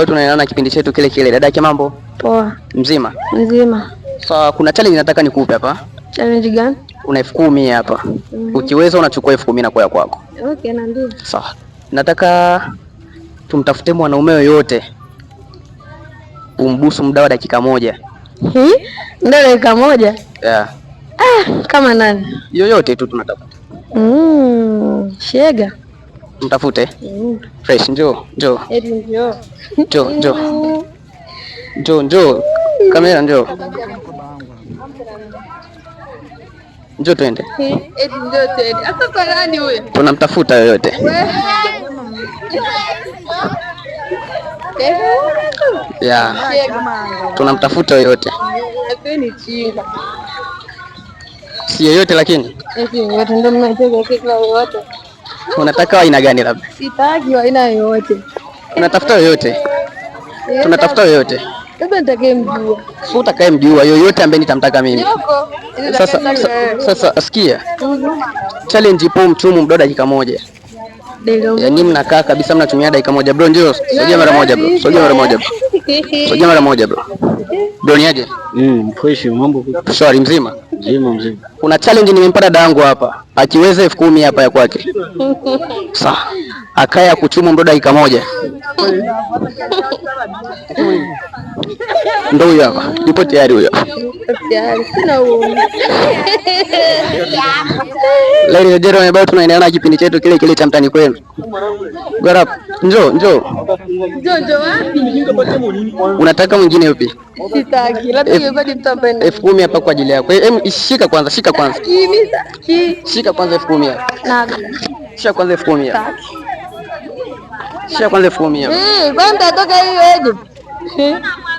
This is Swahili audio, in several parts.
Kwa hiyo tunaendelea kipindi chetu kile kile. Dada yake mambo? Poa. Mzima? Mzima. Sawa, so, kuna challenge nataka nikupe hapa. Challenge gani? Una elfu kumi hapa. Mm -hmm. Ukiweza unachukua elfu kumi na kwa kwako. Okay, ndio. Sawa. So, nataka tumtafute mwanaume yoyote umbusu muda wa dakika moja. Hmm? Muda dakika moja? Yeah. Ah, kama nani? Yoyote tu tunatafuta. Mm, shega mtafute fresh. Njoo, njoo, njoo, njoo, njoo, njoo, kamera, njoo, njoo, twende. Tunamtafuta yoyote ya tunamtafuta yoyote, si yoyote, lakini Unataka aina gani? Labda sitaki aina yoyote. Unatafuta yoyote? Tunatafuta yoyote si utakaye mjua yoyote ambaye nitamtaka mimi. Sasa, sasa sikia, challenge ipo mtumu mdoda dakika moja Yani mnakaa kabisa mnatumia dakika moja. Bro, ndio sogea mara moja bro. Sogea mara moja bro. Sogea mara moja bro. Bro niaje? Mm, fresh mambo. Shwari mzima mzima. Kuna challenge nimempata dadangu hapa, akiweza elfu kumi hapa ya kwake. Sawa. Akaya kuchuma mdo dakika moja. Ndio huyo hapa. Yupo tayari huyo. Tayari sina huo. Leo tunaendelea na kipindi chetu kile kile cha mtani kwenu. Garap. Njoo, njoo. Njoo, njoo wapi? Unataka mwingine yupi? Sitaki. Labda yeye mtapenda. Elfu kumi hapa kwa ajili yako. Hem, shika kwanza, shika kwanza. Shika kwanza elfu kumi. Shika kwanza elfu kumi. Shika kwanza elfu kumi. Eh, kwani mtatoka hiyo aje?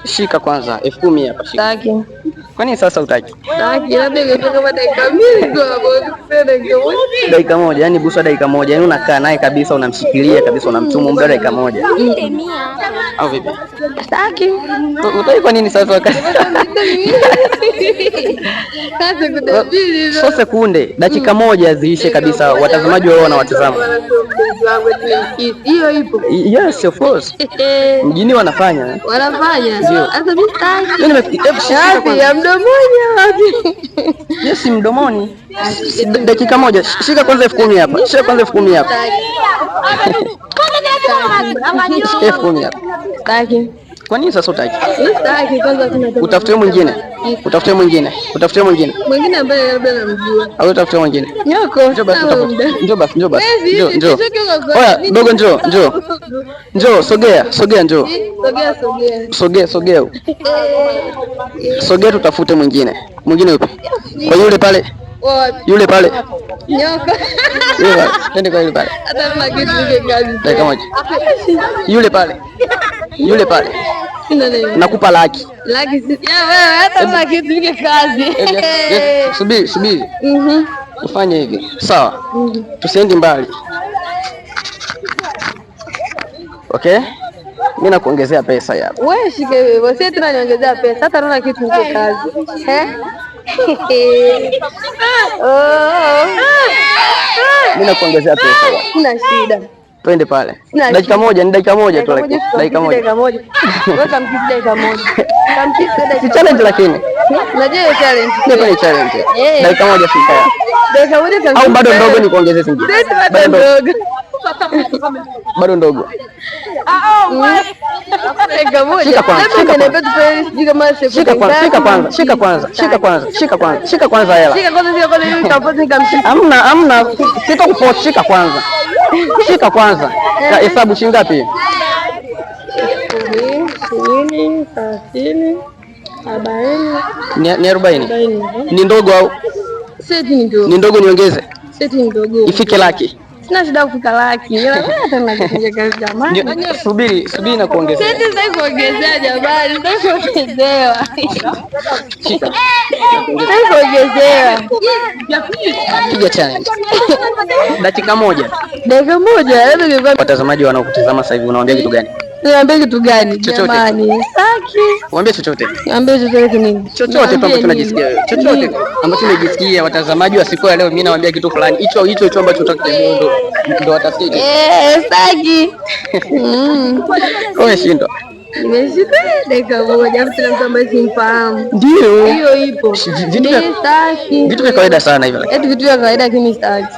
Shika kwanza elfu kumi hapa shika. Sitaki. Kwa nini sasa utaki? dakika moja, yani busa dakika moja, yani unakaa naye kabisa, unamshikilia kabisa, unamchuma muda dakika moja au vipi? Utaki kwa nini sasa? Sasa kunde dakika mm. moja ziishe kabisa, watazamaji wao watazama hiyo ipo. Yes, of course. Mjini wanafanya. Wanafanya. Sasa mimi sitaki. Wapi ya mdomoni wapi? Yes, mdomoni. Dakika moja. Shika kwanza elfu kumi hapa. Shika kwanza elfu kumi hapa. Elfu kumi hapa. Kwa nini sasa utaki? Sitaki kwanza kuna Utafute mwingine. Utafute mwingine. Utafute mwingine. Mwingine ambaye labda namjua. Au utafute mwingine. Nyoko. Njoo basi utafuta. Njoo basi, njoo basi. Njoo, njoo. Oya, dogo njoo, njoo. Njoo, sogea, sogea njoo. Sogea, sogea. Sogea, sogea. Eh, eh. Sogea tutafute mwingine. Mwingine upi? Kwa yule pale. Yule pale. Nyoko. Yule pale. Twende kwa yule pale. Hata kama kitu kingazi. Dakika moja. Yule pale. Yule pale. Nakupa laki. Subiri, subiri. Mhm. Ufanye hivi sawa, mhm. tusiendi mbali okay? Mimi nakuongezea pesa ya. Wewe shike wewe, tena tunaniongezea pesa. Hata naona kitu niko kazi. Eh? Oh. Mimi nakuongezea pesa. Kuna shida twende pale. Dakika moja ni dakika moja tu, dakika moja, dakika moja, si challenge, lakini challenge dakika moja au bado ndogo? Ni kuongeze zingine, bado ndogo Shika kwanza, shika kwanza, shika kwanza, shika kwanza Hamna, hamna, sitakuforce. Shika kwanza Shika kwanza, hesabu shingapi? ishirini, thelathini, arobaini. Ni arobaini? Ni ndogo au ni ndogo? Niongeze ifike laki sina shida kufika laki, ila jamani, subiri subiri na kuongezea. Sisi sasa kuongezea jamani, sasa kuongezewa. Sasa kuongezewa. Piga challenge. Dakika moja. Dakika moja. Watazamaji wanaokutazama sasa hivi unaongea kitu gani? Niambie kitu gani? Jamani, saki. Niambie chochote. Niambie chochote nini? Chochote tu tunajisikia unajisikia. Chochote ambacho unajisikia watazamaji wa siku ya leo mimi nawaambia kitu fulani. Hicho hicho hicho ambacho unataka ndo ndo watasikia. Eh, saki. Mm. Kwa shindo. Nimeshika eh, dakika moja mtu ambaye simfahamu. Ndio. Hiyo ipo. Ni saki. Vitu vya kawaida sana hivyo. Eti vitu vya kawaida lakini saki.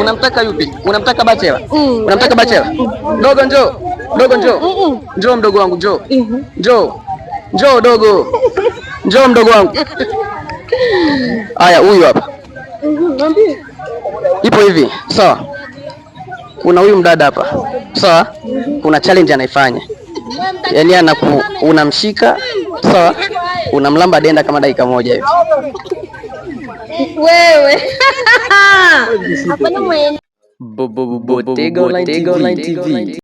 Unamtaka yupi? Unamtaka Bachela? Mm. Unamtaka Bachela? Mm. Dogo njoo. Dogo njoo. Mm, mm. Njoo mdogo wangu njoo. Mm-hmm. Njoo. Njoo dogo. Njoo mdogo wangu. Haya huyu hapa. Mm-hmm, Ipo hivi. Sawa. Kuna huyu mdada hapa. Sawa? Mm-hmm. Kuna challenge anaifanya. Yaani anaku unamshika, sawa? Unamlamba denda kama dakika moja hivi. Wewe Bottega Online TV.